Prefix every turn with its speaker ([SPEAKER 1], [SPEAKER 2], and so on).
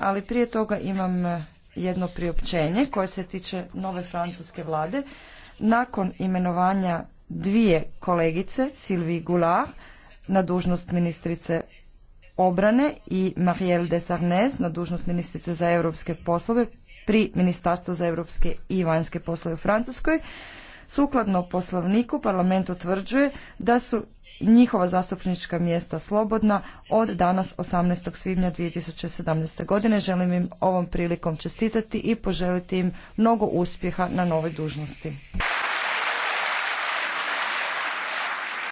[SPEAKER 1] ali prije toga imam e, jedno priopćenje koje se tiče nove francuske vlade. Nakon imenovanja dvije kolegice, Sylvie Goulart na dužnost ministrice obrane i Marielle Desarnes na dužnost ministrice za europske poslove pri Ministarstvu za europske i vanjske poslove u Francuskoj. Sukladno poslovniku parlament utvrđuje da su njihova zastupnička mjesta slobodna od danas 18. svibnja 2017. godine. Želim im ovom prilikom čestitati i poželiti im mnogo uspjeha na novoj dužnosti.